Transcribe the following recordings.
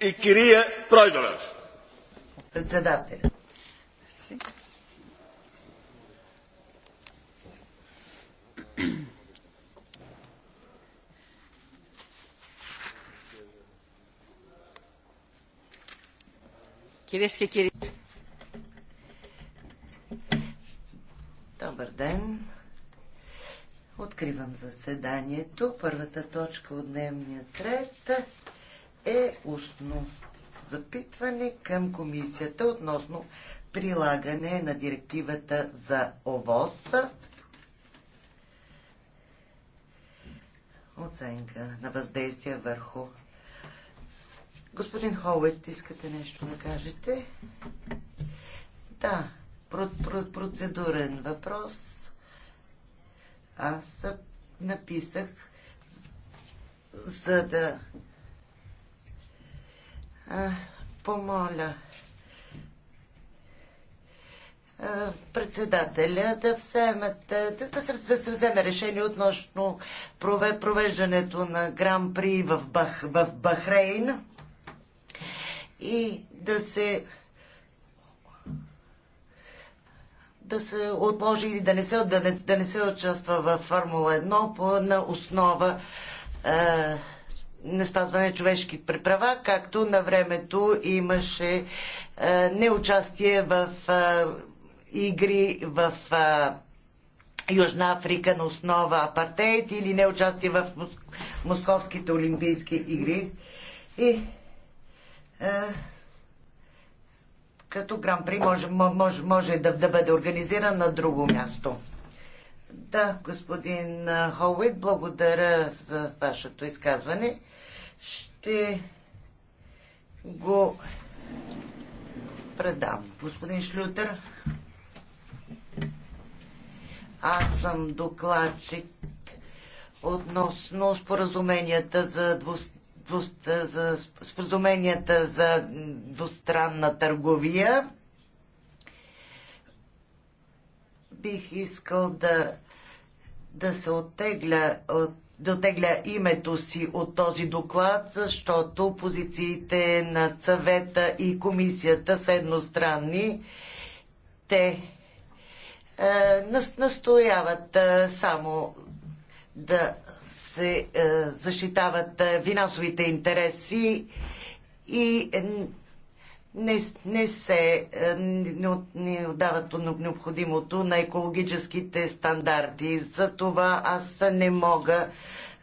и Кирия Пройдоров. Председателя. Κυρίες και κύριοι. Добър ден. Откривам заседанието. Първата точка от дневния ред устно запитване към комисията относно прилагане на директивата за ОВОС. Оценка на въздействие върху. Господин Ховет, искате нещо да кажете? Да, процедурен въпрос. Аз написах, за да а, помоля председателя да, вземат, да, да, се, да се вземе решение относно провеждането на гран-при в, Бах, в Бахрейн и да се да се отложи или да не се, да не, да не се участва в Формула 1 по, на основа е, не спазване на човешки права, както на времето имаше е, неучастие в е, игри в е, Южна Африка на основа апартеид или неучастие в Московските олимпийски игри. И като гран-при може, може, може да, да бъде организиран на друго място. Да, господин Холвит, благодаря за вашето изказване ще го предам. Господин Шлютер, аз съм докладчик относно споразуменията за двуст за споразуменията за двустранна търговия. Бих искал да, да се оттегля от да оттегля името си от този доклад, защото позициите на съвета и комисията са едностранни. Те е, настояват е, само да се е, защитават е, финансовите интереси и не, не се е, не, не отдават необходимото на екологическите стандарти. За това аз не мога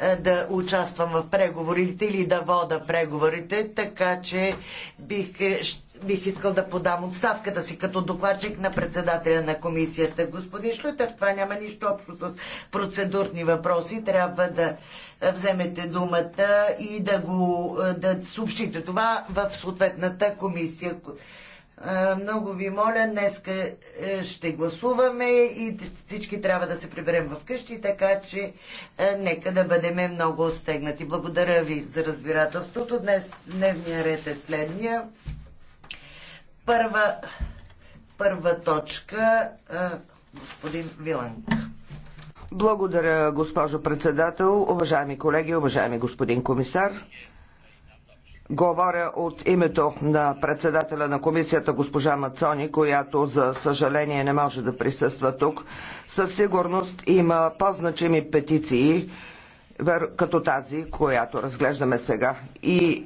е, да участвам в преговорите или да вода преговорите, така че бих, е, бих искал да подам отставката си като докладчик на председателя на комисията. Господин Шлютер, това няма нищо общо с процедурни въпроси. Трябва да е, вземете думата и да го да съобщите това в съответната комисия. Много ви моля, днес е, ще гласуваме и всички трябва да се приберем в къщи, така че е, нека да бъдем много стегнати. Благодаря ви за разбирателството. Днес дневния ред е следния. Първа, първа точка, е, господин Виланг. Благодаря, госпожо председател, уважаеми колеги, уважаеми господин комисар. Говоря от името на председателя на комисията госпожа Мацони, която за съжаление не може да присъства тук. Със сигурност има по-значими петиции, като тази, която разглеждаме сега. И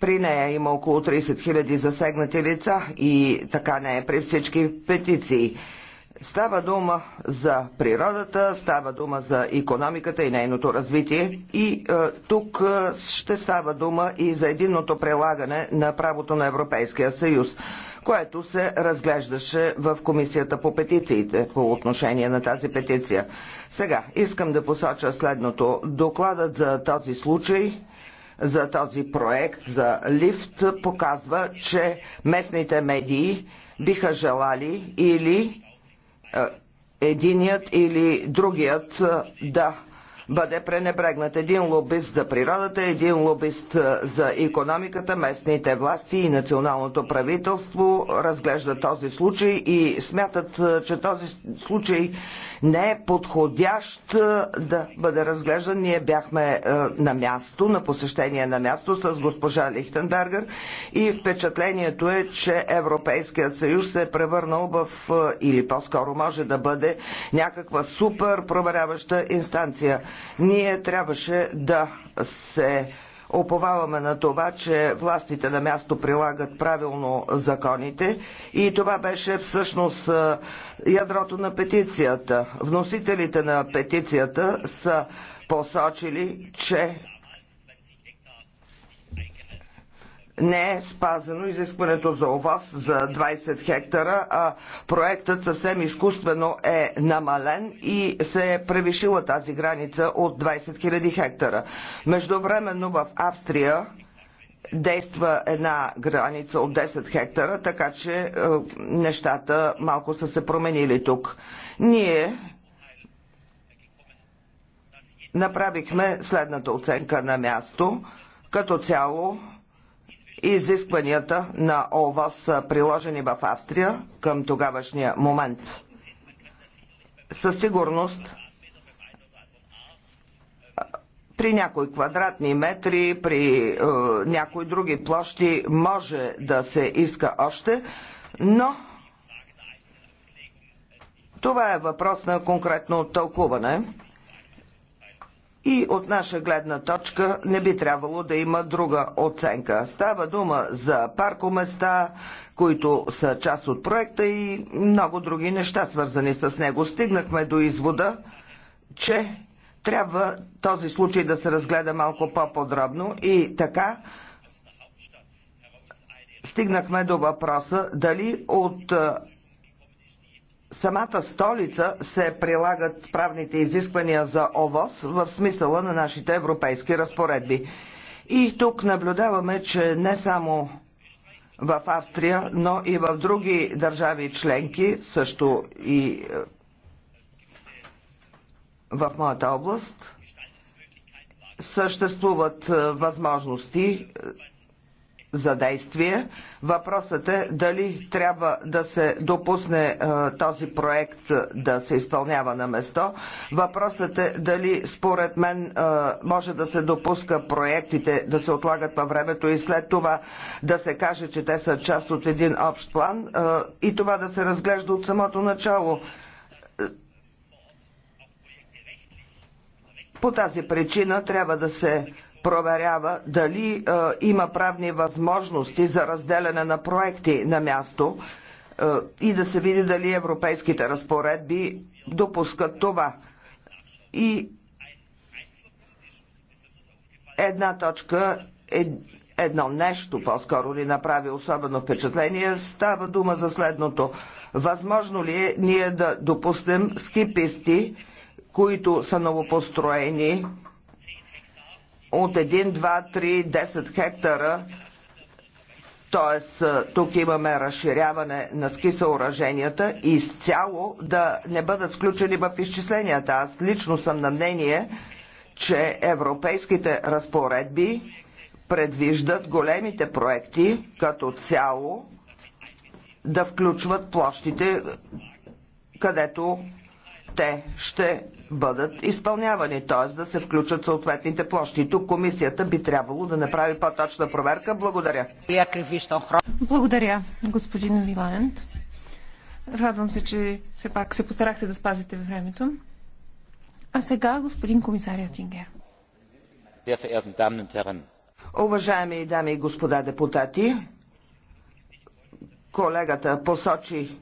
при нея има около 30 000 засегнати лица и така не е при всички петиции. Става дума за природата, става дума за економиката и нейното развитие и е, тук е, ще става дума и за единното прилагане на правото на Европейския съюз, което се разглеждаше в Комисията по петициите по отношение на тази петиция. Сега искам да посоча следното. Докладът за този случай за този проект за лифт показва, че местните медии биха желали или е, единият или другият е, да бъде пренебрегнат. Един лобист за природата, един лобист за економиката, местните власти и националното правителство разглежда този случай и смятат, че този случай не е подходящ да бъде разглеждан. Ние бяхме на място, на посещение на място с госпожа Лихтенбергер и впечатлението е, че Европейският съюз се е превърнал в, или по-скоро може да бъде някаква супер проверяваща инстанция. Ние трябваше да се оповаваме на това, че властите на място прилагат правилно законите и това беше всъщност ядрото на петицията. Вносителите на петицията са посочили, че не е спазено изискването за ОВАС за 20 хектара, а проектът съвсем изкуствено е намален и се е превишила тази граница от 20 000 хектара. Междувременно в Австрия действа една граница от 10 хектара, така че е, нещата малко са се променили тук. Ние направихме следната оценка на място. Като цяло изискванията на ОВОС, приложени в Австрия към тогавашния момент. Със сигурност при някои квадратни метри, при е, някои други площи може да се иска още, но това е въпрос на конкретно тълкуване. И от наша гледна точка не би трябвало да има друга оценка. Става дума за паркоместа, които са част от проекта и много други неща, свързани с него. Стигнахме до извода, че трябва този случай да се разгледа малко по-подробно и така стигнахме до въпроса дали от самата столица се прилагат правните изисквания за ОВОС в смисъла на нашите европейски разпоредби. И тук наблюдаваме, че не само в Австрия, но и в други държави членки, също и е, в моята област, съществуват е, възможности е, за действие. Въпросът е дали трябва да се допусне този проект да се изпълнява на место. Въпросът е дали според мен може да се допуска проектите да се отлагат във времето и след това да се каже, че те са част от един общ план и това да се разглежда от самото начало. По тази причина трябва да се проверява дали е, има правни възможности за разделяне на проекти на място е, и да се види дали европейските разпоредби допускат това. И една точка, е, едно нещо по-скоро ни направи особено впечатление, става дума за следното. Възможно ли е ние да допуснем скиписти, които са новопостроени, от 1, 2, 3, 10 хектара т.е. тук имаме разширяване на ски съоръженията и изцяло да не бъдат включени в изчисленията. Аз лично съм на мнение, че европейските разпоредби предвиждат големите проекти като цяло да включват площите, където те ще бъдат изпълнявани, т.е. да се включат съответните площи. Тук комисията би трябвало да направи по-точна проверка. Благодаря. Благодаря, господин Виланд. Радвам се, че все пак се постарахте да спазите времето. А сега господин комисаря Тингер. Уважаеми дами и господа депутати, колегата посочи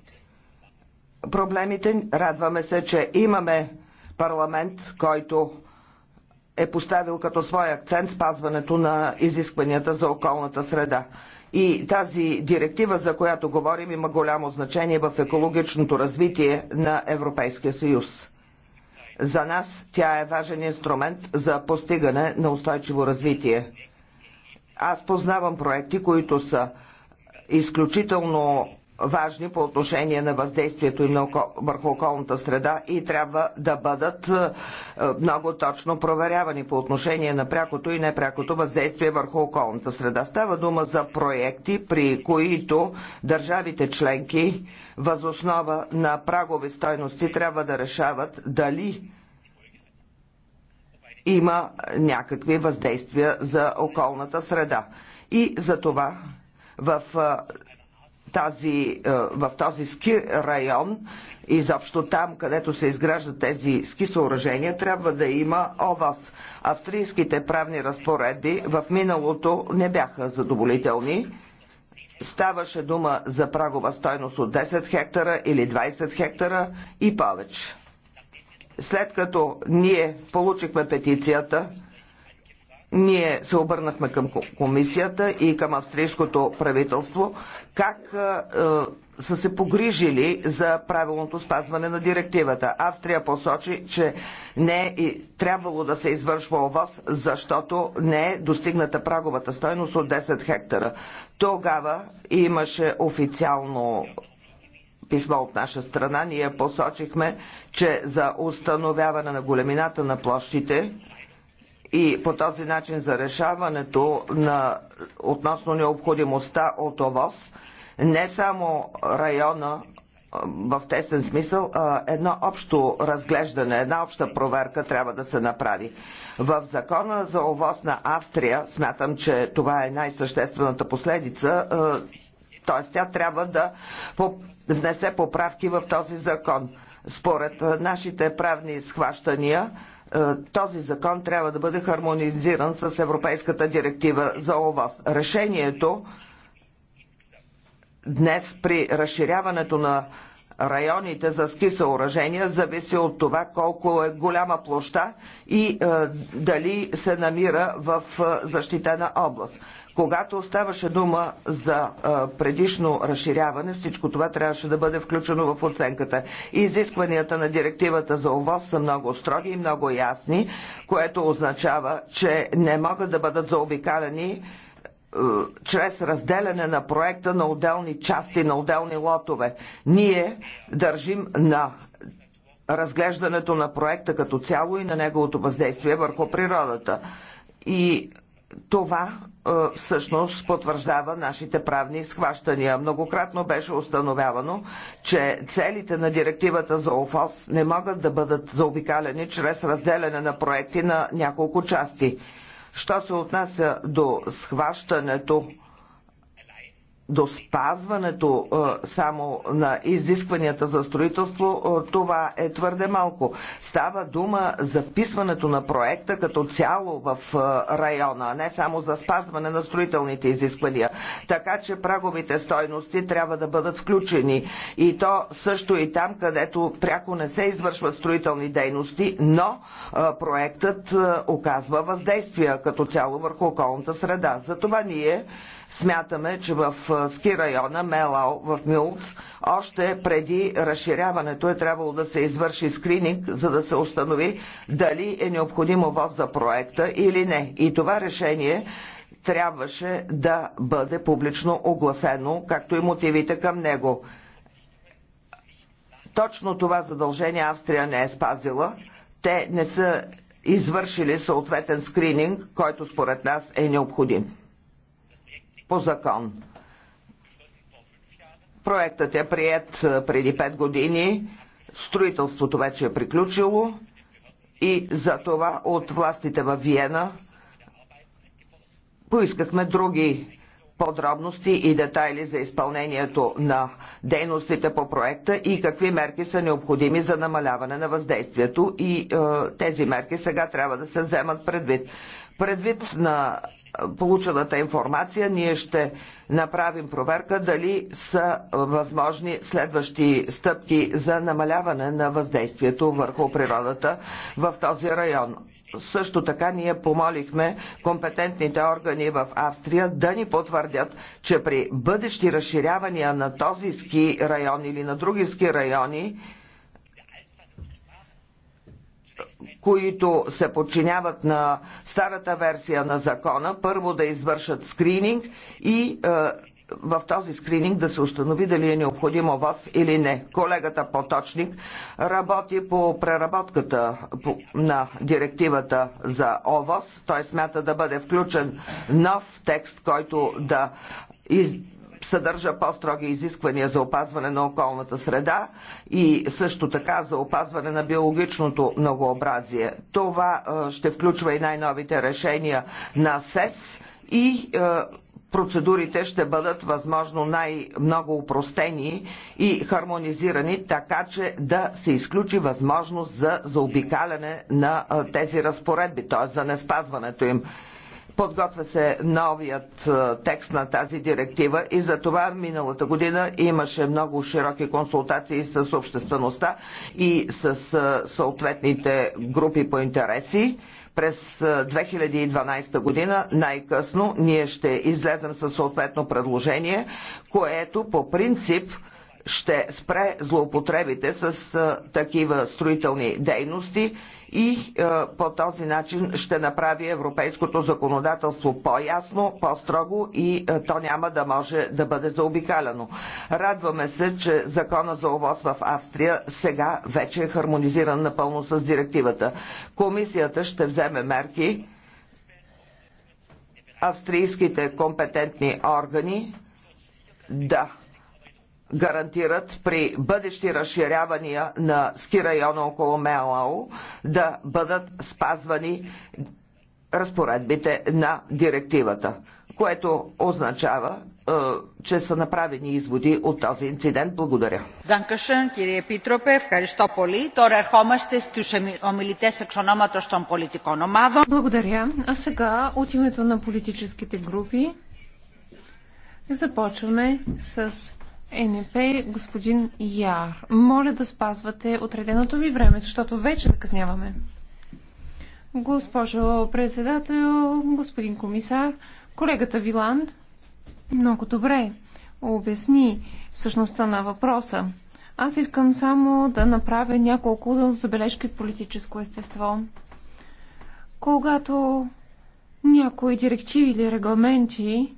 проблемите. Радваме се, че имаме парламент, който е поставил като свой акцент спазването на изискванията за околната среда. И тази директива, за която говорим, има голямо значение в екологичното развитие на Европейския съюз. За нас тя е важен инструмент за постигане на устойчиво развитие. Аз познавам проекти, които са изключително важни по отношение на въздействието им върху околната среда и трябва да бъдат е, много точно проверявани по отношение на прякото и непрякото въздействие върху околната среда. Става дума за проекти, при които държавите членки възоснова на прагови стойности трябва да решават дали има някакви въздействия за околната среда. И за това в е, тази, е, в този ски район, изобщо там, където се изграждат тези ски съоръжения, трябва да има ОВАС. Австрийските правни разпоредби в миналото не бяха задоволителни. Ставаше дума за прагова стойност от 10 хектара или 20 хектара и повече. След като ние получихме петицията, ние се обърнахме към комисията и към австрийското правителство как са се погрижили за правилното спазване на директивата. Австрия посочи, че не е трябвало да се извършва ОВОз, защото не е достигната праговата стойност от 10 хектара. Тогава имаше официално писмо от наша страна. Ние посочихме, че за установяване на големината на площите и по този начин за решаването на относно необходимостта от ОВОС, не само района в тесен смисъл, едно общо разглеждане, една обща проверка трябва да се направи. В закона за ОВОС на Австрия, смятам, че това е най-съществената последица, т.е. тя трябва да внесе поправки в този закон. Според нашите правни схващания, е, този закон трябва да бъде хармонизиран с Европейската директива за ОВОС. Решението днес при разширяването на районите за ски съоръжения зависи от това колко е голяма площа и е, дали се намира в е, защитена област. Когато оставаше дума за предишно разширяване, всичко това трябваше да бъде включено в оценката. Изискванията на директивата за ОВОз са много строги и много ясни, което означава, че не могат да бъдат заобикалени чрез разделяне на проекта на отделни части, на отделни лотове. Ние държим на разглеждането на проекта като цяло и на неговото въздействие върху природата. И това е, всъщност потвърждава нашите правни схващания. Многократно беше установявано, че целите на директивата за ОФОС не могат да бъдат заобикалени чрез разделяне на проекти на няколко части. Що се отнася до схващането до спазването само на изискванията за строителство, това е твърде малко. Става дума за вписването на проекта като цяло в района, а не само за спазване на строителните изисквания. Така че праговите стойности трябва да бъдат включени. И то също и там, където пряко не се извършват строителни дейности, но проектът оказва въздействие като цяло върху околната среда. Затова ние Смятаме, че в ски района Мелао в Мюлц още преди разширяването е трябвало да се извърши скрининг, за да се установи дали е необходимо ВОЗ за проекта или не. И това решение трябваше да бъде публично огласено, както и мотивите към него. Точно това задължение Австрия не е спазила. Те не са извършили съответен скрининг, който според нас е необходим по закон. Проектът е прият преди 5 години, строителството вече е приключило и за това от властите във Виена поискахме други подробности и детайли за изпълнението на дейностите по проекта и какви мерки са необходими за намаляване на въздействието и е, тези мерки сега трябва да се вземат предвид. Предвид на получената информация, ние ще направим проверка дали са възможни следващи стъпки за намаляване на въздействието върху природата в този район. Също така ние помолихме компетентните органи в Австрия да ни потвърдят, че при бъдещи разширявания на този ски район или на други ски райони, които се подчиняват на старата версия на закона, първо да извършат скрининг и е, в този скрининг да се установи дали е необходимо ОВОС или не. Колегата Поточник работи по преработката на директивата за ОВОС. Той смята да бъде включен нов текст, който да съдържа по-строги изисквания за опазване на околната среда и също така за опазване на биологичното многообразие. Това ще включва и най-новите решения на СЕС и процедурите ще бъдат възможно най-много упростени и хармонизирани, така че да се изключи възможност за заобикаляне на тези разпоредби, т.е. за неспазването им. Подготвя се новият е, текст на тази директива и за това миналата година имаше много широки консултации с обществеността и с е, съответните групи по интереси през 2012 е, година най-късно ние ще излезем със съответно предложение, което по принцип ще спре злоупотребите с такива строителни дейности и е, по този начин ще направи европейското законодателство по-ясно, по-строго и е, то няма да може да бъде заобикаляно. Радваме се, че закона за овоз в Австрия сега вече е хармонизиран напълно с директивата. Комисията ще вземе мерки австрийските компетентни органи да гарантират при бъдещи разширявания на ски района около Мелао да бъдат спазвани разпоредбите на директивата, което означава, е, че са направени изводи от този инцидент. Благодаря. Dankeschön, κύριε Επίτροπε. Ευχαριστώ πολύ. Τώρα ερχόμαστε στους омилите с ονόματος των политикон ομάδων. Благодаря. А сега от името на политическите групи започваме с е, НП, господин Яр, моля да спазвате отреденото ви време, защото вече закъсняваме. Госпожо председател, господин комисар, колегата Виланд много добре обясни същността на въпроса. Аз искам само да направя няколко забележки от политическо естество. Когато някои директиви или регламенти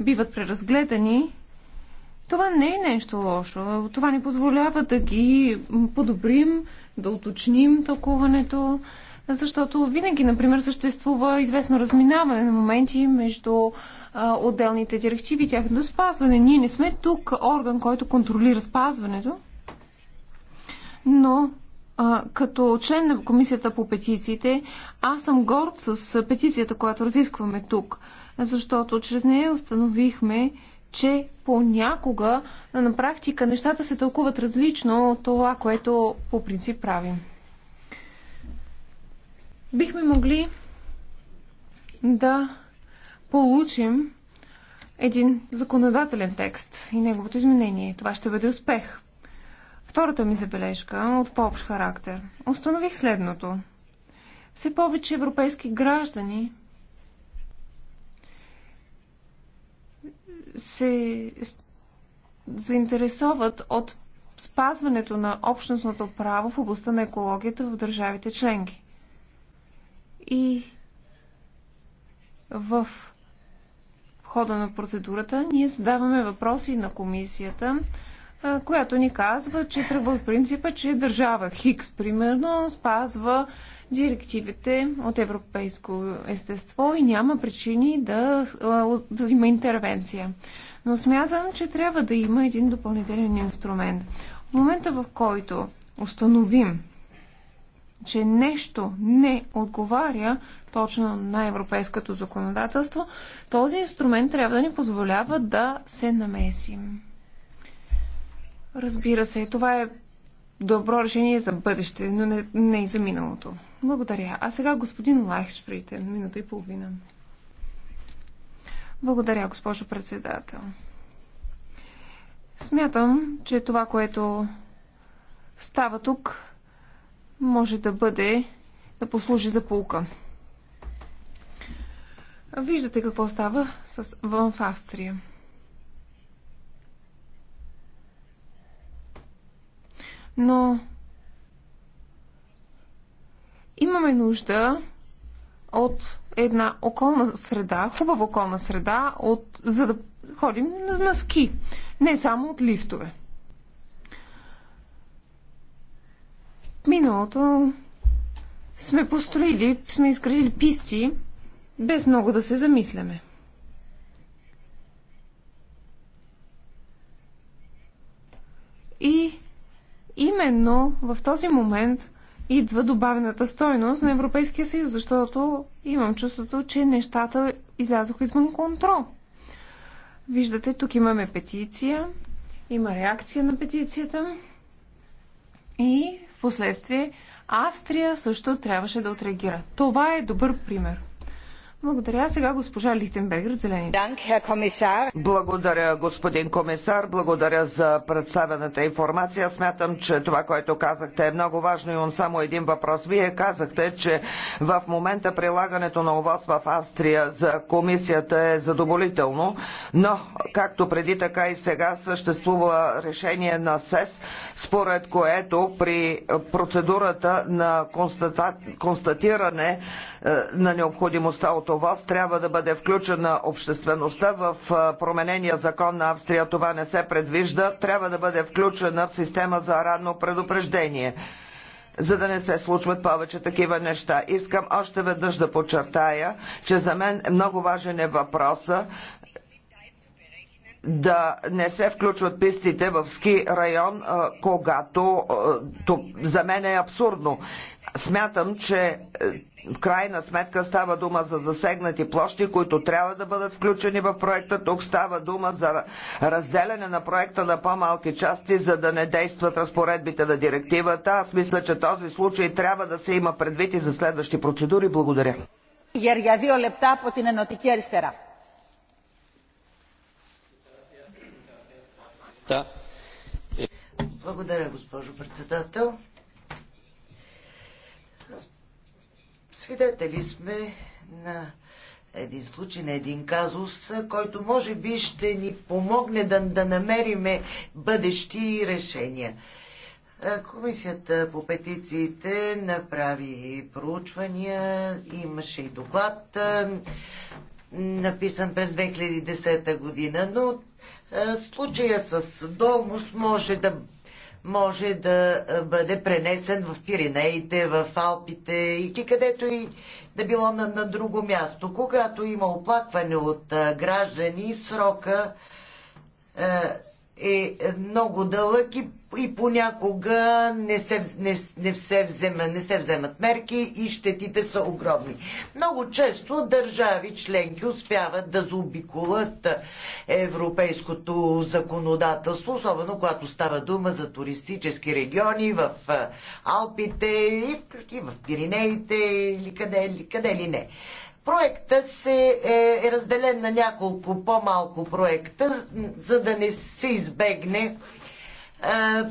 биват преразгледани, това не е нещо лошо. Това ни позволява да ги подобрим, да уточним тълкуването, защото винаги, например, съществува известно разминаване на моменти между а, отделните директиви, и тяхното спазване. Ние не сме тук орган, който контролира спазването, но а, като член на Комисията по петициите, аз съм горд с петицията, която разискваме тук, защото чрез нея установихме, че понякога на практика нещата се тълкуват различно от това, което по принцип правим. Бихме могли да получим един законодателен текст и неговото изменение. Това ще бъде успех. Втората ми забележка от по-общ характер. Установих следното. Все повече европейски граждани се заинтересоват от спазването на общностното право в областта на екологията в държавите членки. И в хода на процедурата ние задаваме въпроси на комисията, която ни казва, че тръгва от принципа, че държава Хикс, примерно, спазва директивите от европейско естество и няма причини да, да има интервенция. Но смятам, че трябва да има един допълнителен инструмент. В момента, в който установим, че нещо не отговаря точно на европейското законодателство, този инструмент трябва да ни позволява да се намесим. Разбира се, това е добро решение за бъдеще, но не, не и за миналото. Благодаря. А сега господин Лайхшприте, минута и половина. Благодаря, госпожо председател. Смятам, че това, което става тук, може да бъде да послужи за полка. Виждате какво става с, в Австрия. но имаме нужда от една околна среда, хубава околна среда, от, за да ходим на ски, не само от лифтове. Миналото сме построили, сме изградили писти, без много да се замисляме. И именно в този момент идва добавената стойност на Европейския съюз, защото имам чувството, че нещата излязоха извън контрол. Виждате, тук имаме петиция, има реакция на петицията и в последствие Австрия също трябваше да отреагира. Това е добър пример. Благодаря. Сега госпожа Лихтенбергер от Зелените. Благодаря, господин комисар. Благодаря за представената информация. Смятам, че това, което казахте е много важно. Имам само един въпрос. Вие казахте, че в момента прилагането на ОВОС в Австрия за комисията е задоволително, но както преди, така и сега съществува решение на СЕС, според което при процедурата на констата... констатиране е, на необходимостта от ОВОС трябва да бъде включена обществеността в променения закон на Австрия. Това не се предвижда. Трябва да бъде включена в система за ранно предупреждение за да не се случват повече такива неща. Искам още веднъж да подчертая, че за мен много важен е въпроса да не се включват пистите в ски район, когато за мен е абсурдно смятам, че е, в крайна сметка става дума за засегнати площи, които трябва да бъдат включени в проекта. Тук става дума за разделяне на проекта на по-малки части, за да не действат разпоредбите на директивата. Аз мисля, че този случай трябва да се има предвид и за следващи процедури. Благодаря. Благодаря, госпожо председател. Свидетели сме на един случай, на един казус, който може би ще ни помогне да, да намериме бъдещи решения. Комисията по петициите направи проучвания, имаше и доклад, написан през 2010 година, но случая с Домус може да може да бъде пренесен в Пиринеите, в Алпите и където и да било на, на друго място. Когато има оплакване от а, граждани, срока а, е много дълъг и и понякога не се, не, не, се взема, не се вземат мерки и щетите са огромни. Много често държави членки успяват да заобикуват европейското законодателство, особено когато става дума за туристически региони в Алпите и в Пиринеите или къде, къде ли не. Проекта се е, е разделен на няколко по-малко проекта, за да не се избегне е,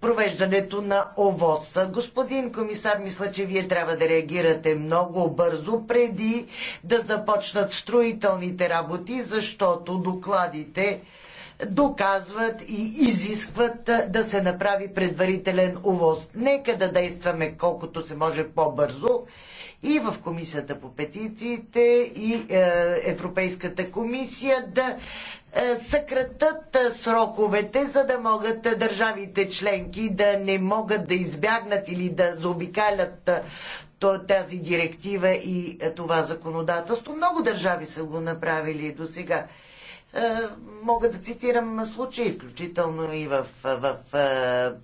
провеждането на ОВОС. Господин комисар, мисля, че вие трябва да реагирате много бързо преди да започнат строителните работи, защото докладите доказват и изискват е, да се направи предварителен увоз. Нека да действаме колкото се може по-бързо и в Комисията по петициите и е, Европейската комисия да е, съкратат е, сроковете, за да могат държавите членки да не могат да избягнат или да заобикалят тази директива и това законодателство. Много държави са го направили до сега. Мога да цитирам случаи, включително и в, в, в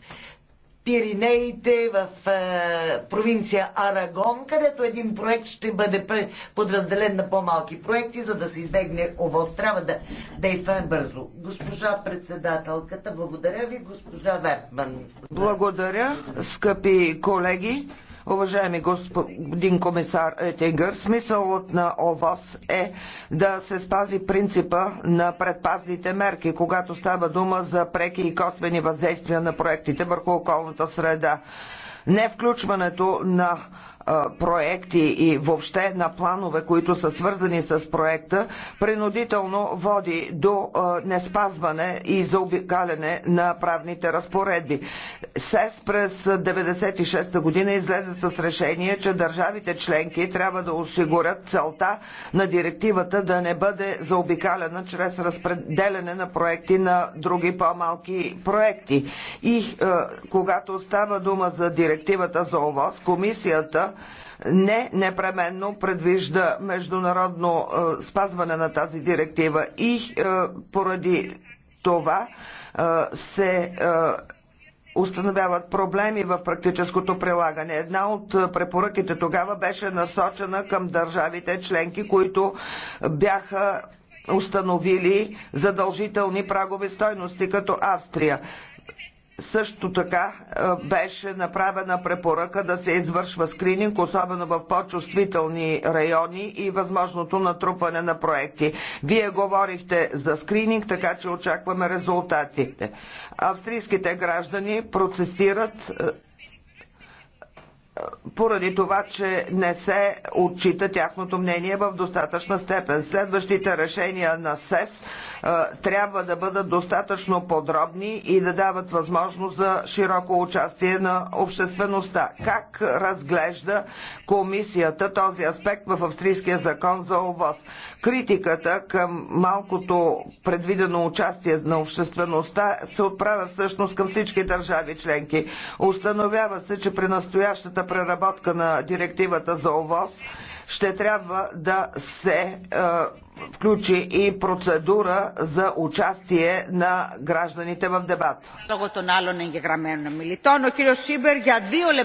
Пиринеите, в е, провинция Арагон, където един проект ще бъде подразделен на по-малки проекти, за да се избегне овоз. Трябва да действаме бързо. Госпожа председателката, благодаря ви, госпожа Вертман. Благодаря, скъпи колеги. Уважаеми господин комисар Етингър, смисълът на ОВОС е да се спази принципа на предпазните мерки, когато става дума за преки и косвени въздействия на проектите върху околната среда. Не включването на проекти и въобще на планове, които са свързани с проекта, принудително води до неспазване и заобикаляне на правните разпоредби. СЕС през 1996 година излезе с решение, че държавите членки трябва да осигурят целта на директивата да не бъде заобикаляна чрез разпределяне на проекти на други по-малки проекти. И е, когато става дума за директивата за ОВОС, комисията не непременно предвижда международно е, спазване на тази директива и е, поради това е, се установяват проблеми в практическото прилагане. Една от препоръките тогава беше насочена към държавите членки, които бяха установили задължителни прагови стойности, като Австрия. Също така е, беше направена препоръка да се извършва скрининг, особено в по-чувствителни райони и възможното натрупване на проекти. Вие говорихте за скрининг, така че очакваме резултатите. Австрийските граждани протестират е, поради това, че не се отчита тяхното мнение в достатъчна степен. Следващите решения на СЕС е, трябва да бъдат достатъчно подробни и да дават възможност за широко участие на обществеността. Как разглежда комисията този аспект в австрийския закон за ОВОз? Критиката към малкото предвидено участие на обществеността се отправя всъщност към всички държави членки. Установява се, че при настоящата преработка на директивата за ОВОз ще трябва да се е, включи и процедура за участие на гражданите в дебат.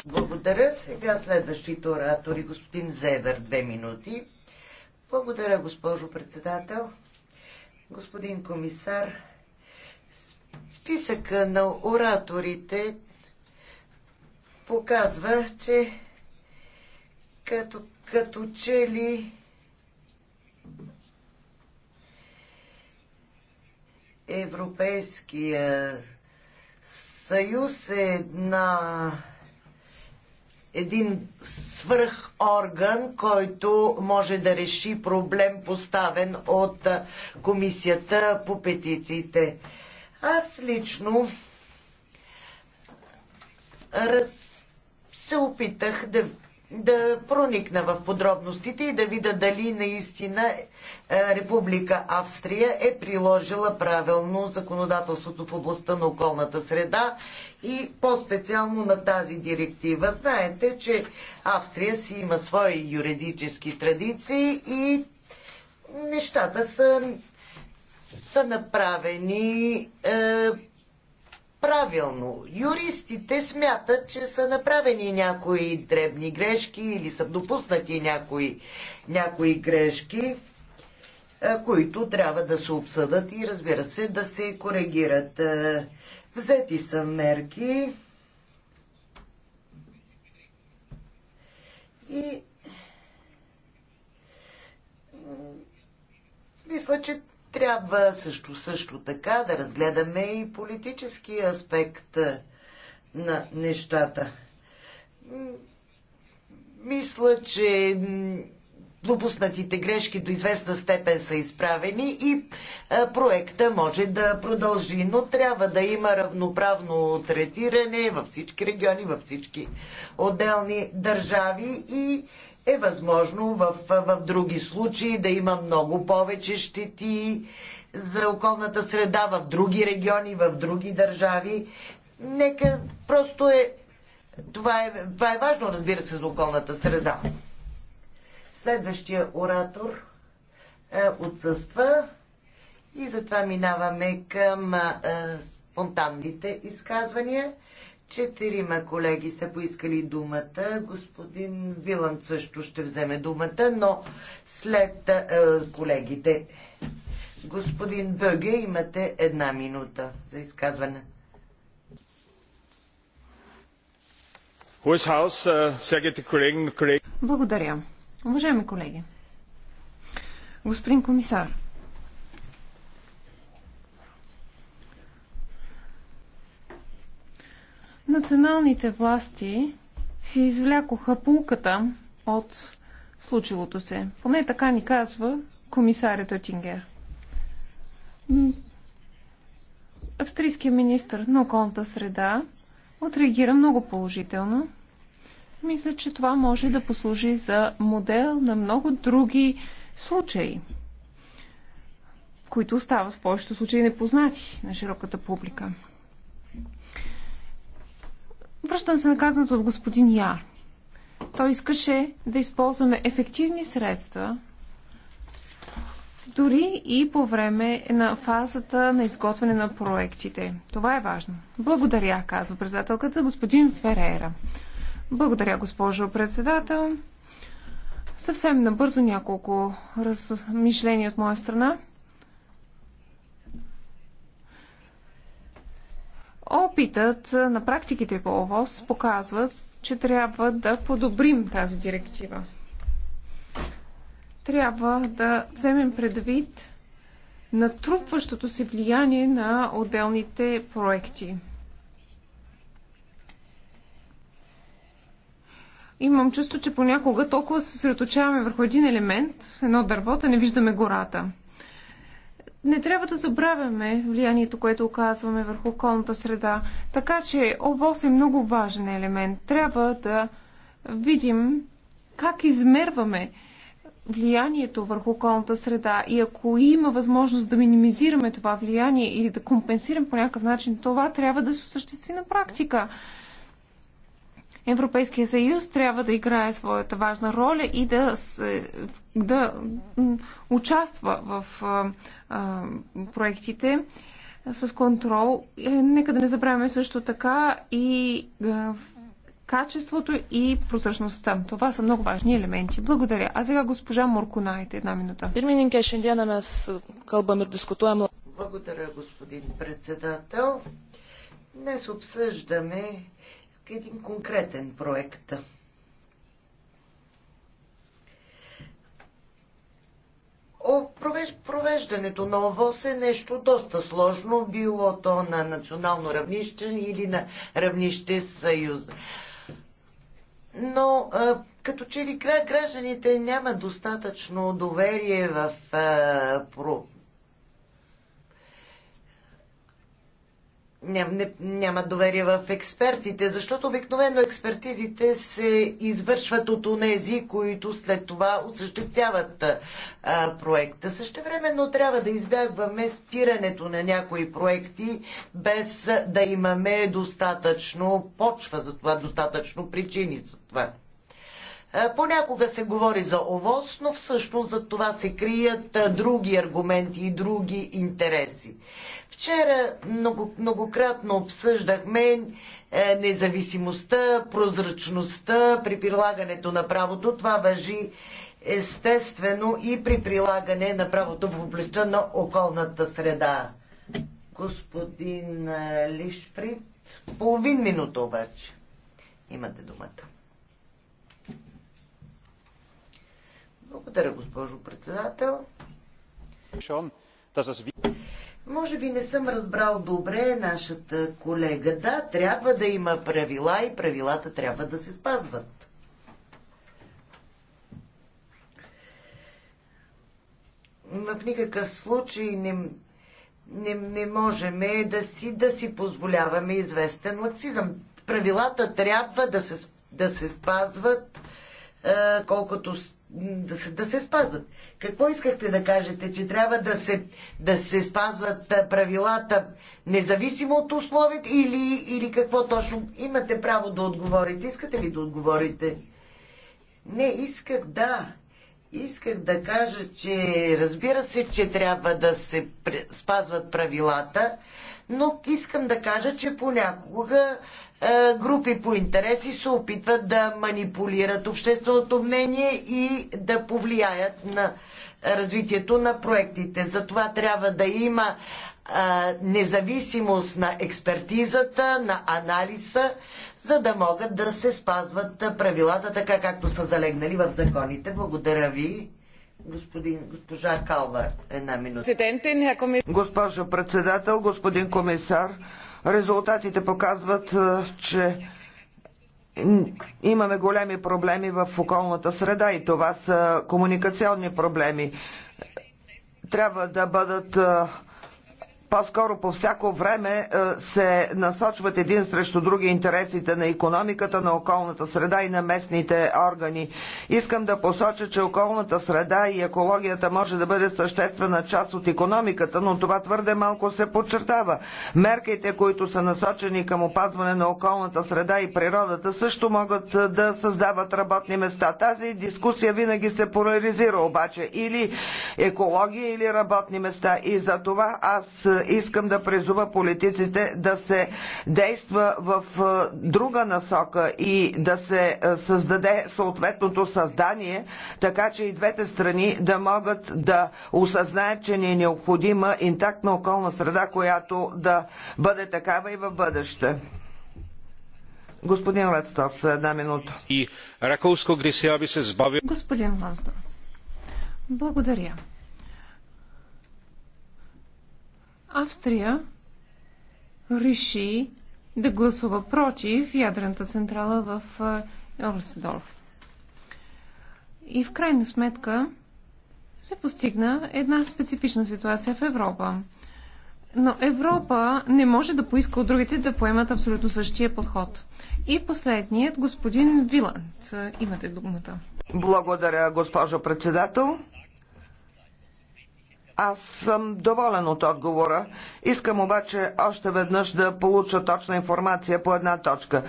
Благодаря. Сега следващите оратори, господин Зевер, две минути. Благодаря, госпожо председател. Господин комисар, списъка на ораторите показва, че като, като че ли Европейския съюз е една един орган, който може да реши проблем поставен от комисията по петициите. Аз лично раз... се опитах да да проникна в подробностите и да видя дали наистина е, Република Австрия е приложила правилно законодателството в областта на околната среда и по-специално на тази директива. Знаете, че Австрия си има свои юридически традиции и нещата са, са направени е, правилно. Юристите смятат, че са направени някои дребни грешки или са допуснати някои, някои грешки, е, които трябва да се обсъдат и разбира се да се коригират. Е, взети са мерки и мисля, че трябва също, също така да разгледаме и политически аспект на нещата. Мисля, че допуснатите грешки до известна степен са изправени и проекта може да продължи, но трябва да има равноправно третиране във всички региони, във всички отделни държави и е възможно в, в други случаи да има много повече щети за околната среда в други региони, в други държави. Нека просто е. Това е, това е важно, разбира се, за околната среда. Следващия оратор е, отсъства и затова минаваме към е, спонтанните изказвания. Четирима колеги са поискали думата. Господин Вилан също ще вземе думата, но след е, колегите. Господин Бъге, имате една минута за изказване. Е, Благодаря. Уважаеми колеги, господин комисар, Националните власти си извлякоха пулката от случилото се. Поне така ни казва комисарят Отингер. Австрийският министр на околната среда отреагира много положително. Мисля, че това може да послужи за модел на много други случаи, които остават в повечето случаи непознати на широката публика. Връщам се на казаното от господин Яр. Той искаше да използваме ефективни средства, дори и по време на фазата на изготвяне на проектите. Това е важно. Благодаря, казва председателката господин Ферера. Благодаря, госпожо председател. Съвсем набързо няколко размишления от моя страна. Опитът на практиките по ОВОС показват, че трябва да подобрим тази директива. Трябва да вземем предвид натрупващото се влияние на отделните проекти. Имам чувство, че понякога толкова се съсредоточаваме върху един елемент, едно дърво, да не виждаме гората не трябва да забравяме влиянието, което оказваме върху околната среда. Така че ОВОС е много важен елемент. Трябва да видим как измерваме влиянието върху околната среда и ако има възможност да минимизираме това влияние или да компенсираме по някакъв начин това, трябва да се осъществи на практика. Европейския съюз трябва да играе своята важна роля и да, да участва в а, проектите с контрол. Е, нека да не забравяме също така и а, качеството и прозрачността. Това са много важни елементи. Благодаря. А сега госпожа Морконайте, една минута. Пирмининке, шендиана нас кълбаме, дискутуем. Благодаря, господин председател. Днес обсъждаме един конкретен проект. провеждането на ОВОС е нещо доста сложно, било то на национално равнище или на равнище Съюз. Но като че ли гражданите няма достатъчно доверие в ням, не, няма доверие в експертите, защото обикновено експертизите се извършват от онези, които след това осъществяват а, проекта. Същевременно трябва да избягваме спирането на някои проекти, без да имаме достатъчно почва за това, достатъчно причини за това. Е, понякога се говори за овоз, но всъщност за това се крият е, други аргументи и други интереси. Вчера много, многократно обсъждахме е, независимостта, прозрачността при прилагането на правото. Това въжи естествено и при прилагане на правото в областта на околната среда. Господин Лишфрид, половин минута обаче. Имате думата. Благодаря, госпожо председател. Може би не съм разбрал добре нашата колега. Да, трябва да има правила и правилата трябва да се спазват. В никакъв случай не, не, не можем да си, да си позволяваме известен лаксизъм. Правилата трябва да се, да се спазват, е, колкото да се, да се спазват. Какво искахте да кажете? Че трябва да се, да се спазват правилата независимо от условията или, или какво точно? Имате право да отговорите. Искате ли да отговорите? Не, исках да. Исках да кажа, че разбира се, че трябва да се спазват правилата, но искам да кажа, че понякога е, групи по интереси се опитват да манипулират общественото мнение и да повлияят на развитието на проектите. Затова трябва да има е, независимост на експертизата, на анализа, за да могат да се спазват правилата така, както са залегнали в законите. Благодаря ви. Господин, госпожа Калвар, една минута. Госпожо председател, господин комисар, Резултатите показват, е, че имаме големи проблеми в околната среда и това са комуникационни проблеми. Трябва да бъдат е, по-скоро по всяко време е, се насочват един срещу други интересите на економиката, на околната среда и на местните органи. Искам да посоча, че околната среда и екологията може да бъде съществена част от економиката, но това твърде малко се подчертава. Мерките, които са насочени към опазване на околната среда и природата, също могат е, да създават работни места. Тази дискусия винаги се поляризира обаче или екология, или работни места. И за това аз е, искам да презува политиците да се действа в друга насока и да се създаде съответното създание, така че и двете страни да могат да осъзнаят, че ни е необходима интактна околна среда, която да бъде такава и в бъдеще. Господин Ладстов, за една минута. И Раковско, се избави... Господин Ладстов, благодаря. Австрия реши да гласува против ядрената централа в Росдорф. И в крайна сметка се постигна една специфична ситуация в Европа. Но Европа не може да поиска от другите да поемат абсолютно същия подход. И последният, господин Виланд. Имате думата. Благодаря, госпожо председател. Аз съм доволен от отговора. Искам обаче още веднъж да получа точна информация по една точка.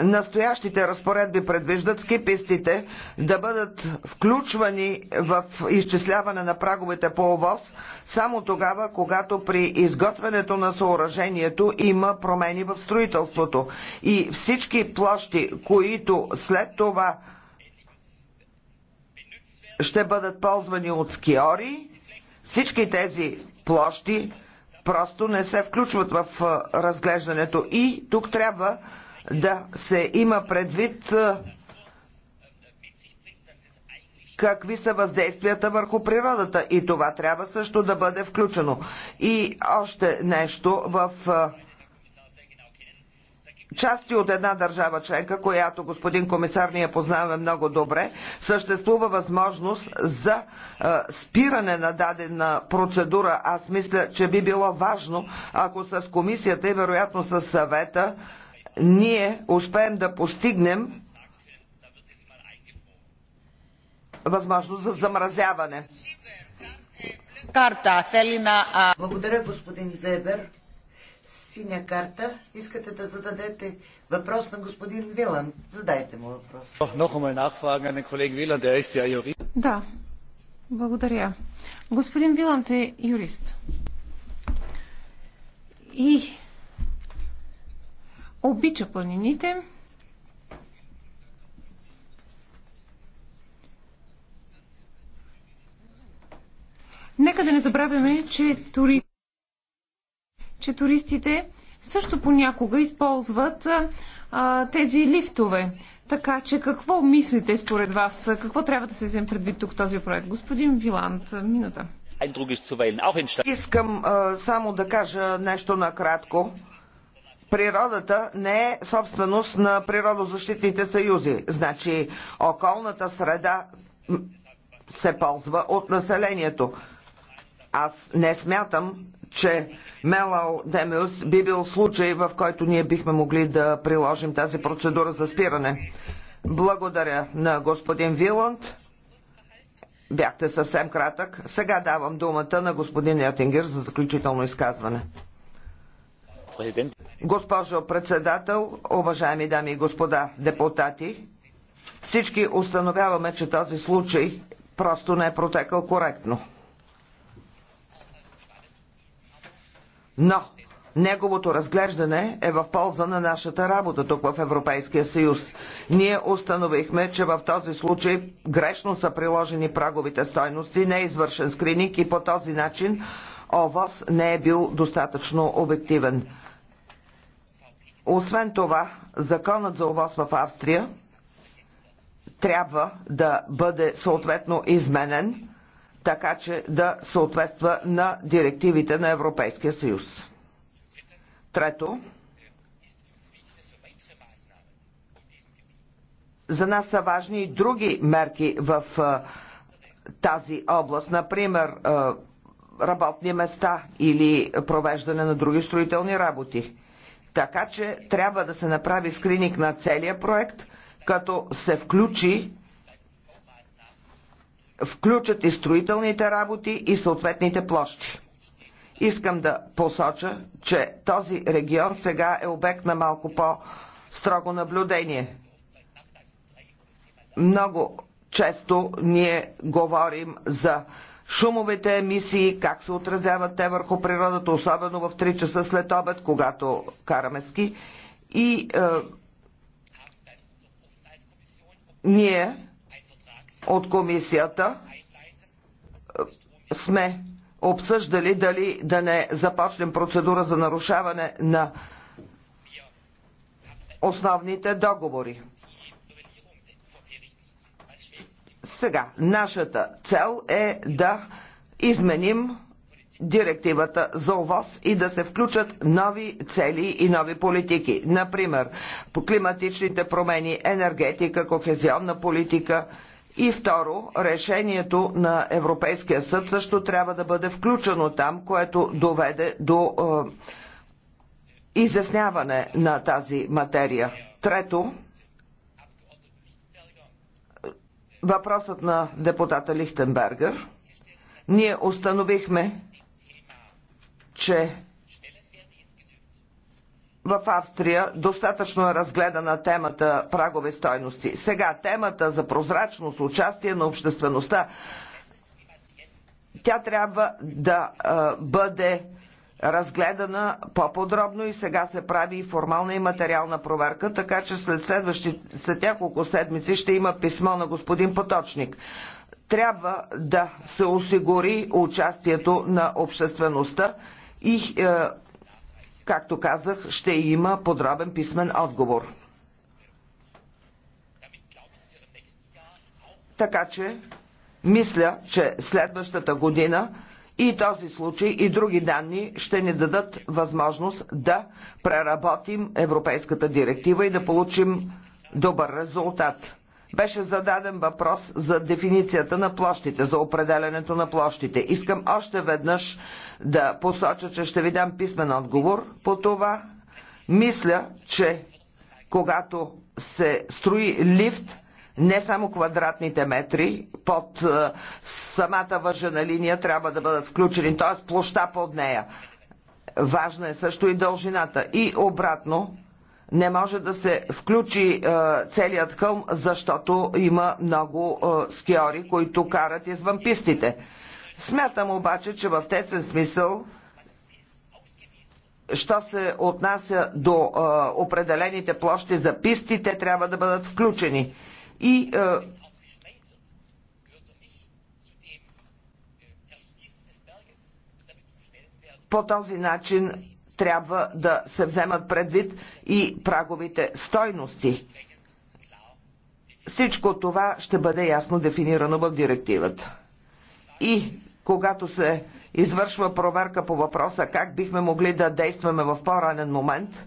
Настоящите разпоредби предвиждат скипистите да бъдат включвани в изчисляване на праговете по ОВОз само тогава, когато при изготвянето на съоръжението има промени в строителството. И всички площи, които след това ще бъдат ползвани от скиори. Всички тези площи просто не се включват в разглеждането. И тук трябва да се има предвид какви са въздействията върху природата. И това трябва също да бъде включено. И още нещо в части от една държава членка, която господин комисар ние познаваме много добре, съществува възможност за а, спиране на дадена процедура. Аз мисля, че би било важно, ако с комисията и вероятно с съвета ние успеем да постигнем възможност за замразяване. Благодаря, господин Зебер синя карта. Искате да зададете въпрос на господин Вилан. Задайте му въпрос. Е е е да, благодаря. Господин Виланд е юрист. И обича планините. Нека да не забравяме, че туризм че туристите също понякога използват а, тези лифтове. Така че какво мислите според вас? Какво трябва да се вземе предвид тук в този проект? Господин Виланд, минута. Искам а, само да кажа нещо накратко. Природата не е собственост на природозащитните съюзи. Значи околната среда се ползва от населението. Аз не смятам, че Мелал Демиус би бил случай, в който ние бихме могли да приложим тази процедура за спиране. Благодаря на господин Виланд. Бяхте съвсем кратък. Сега давам думата на господин Йотингер за заключително изказване. Госпожо председател, уважаеми дами и господа депутати, всички установяваме, че този случай просто не е протекал коректно. Но Неговото разглеждане е в полза на нашата работа тук в Европейския съюз. Ние установихме, че в този случай грешно са приложени праговите стойности, не е извършен скрининг и по този начин ОВОС не е бил достатъчно обективен. Освен това, законът за ОВОС в Австрия трябва да бъде съответно изменен така че да съответства на директивите на Европейския съюз. Трето, за нас са важни и други мерки в тази област, например работни места или провеждане на други строителни работи. Така че трябва да се направи скрининг на целия проект, като се включи включат и строителните работи и съответните площи. Искам да посоча, че този регион сега е обект на малко по-строго наблюдение. Много често ние говорим за шумовете емисии, как се отразяват те върху природата, особено в 3 часа след обед, когато караме ски. И е, ние от комисията е, сме обсъждали дали да не започнем процедура за нарушаване на основните договори. Сега, нашата цел е да изменим директивата за ОВОС и да се включат нови цели и нови политики. Например, по климатичните промени, енергетика, кохезионна политика – и второ, решението на Европейския съд също трябва да бъде включено там, което доведе до е, изясняване на тази материя. Трето, въпросът на депутата Лихтенбергер. Ние установихме, че в Австрия достатъчно е разгледана темата прагове стойности. Сега темата за прозрачност, участие на обществеността, тя трябва да а, бъде разгледана по-подробно и сега се прави и формална и материална проверка, така че след, следващи, след няколко седмици ще има писмо на господин Поточник. Трябва да се осигури участието на обществеността и е, Както казах, ще има подробен писмен отговор. Така че, мисля, че следващата година и този случай и други данни ще ни дадат възможност да преработим Европейската директива и да получим добър резултат беше зададен въпрос за дефиницията на площите, за определенето на площите. Искам още веднъж да посоча, че ще ви дам писмен отговор по това. Мисля, че когато се строи лифт, не само квадратните метри под е, самата въжена линия трябва да бъдат включени, т.е. площа под нея. Важна е също и дължината. И обратно, не може да се включи е, целият хълм, защото има много е, скиори, които карат извън пистите. Смятам обаче, че в тесен смисъл, що се отнася до е, определените площи за писти, те трябва да бъдат включени. И е, по този начин трябва да се вземат предвид и праговите стойности. Всичко това ще бъде ясно дефинирано в директивата. И когато се извършва проверка по въпроса как бихме могли да действаме в по-ранен момент,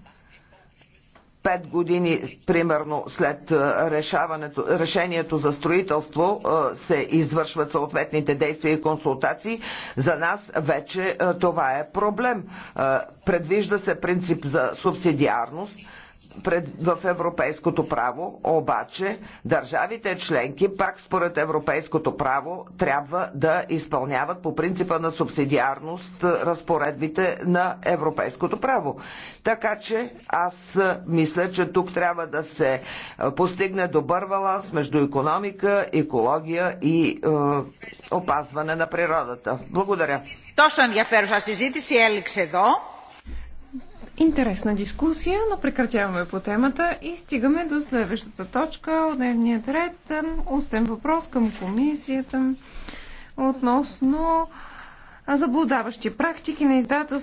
пет години, примерно след решението за строителство, се извършват съответните действия и консултации, за нас вече това е проблем. Предвижда се принцип за субсидиарност пред, в европейското право, обаче държавите членки, пак според европейското право, трябва да изпълняват по принципа на субсидиарност разпоредбите на европейското право. Така че аз мисля, че тук трябва да се постигне добър баланс между економика, екология и е, опазване на природата. Благодаря. Τόσο ενδιαφέρουσα συζήτηση έληξε εδώ. Интересна дискусия, но прекратяваме по темата и стигаме до следващата точка от дневният ред. Остен въпрос към комисията относно заблудаващи практики на издателство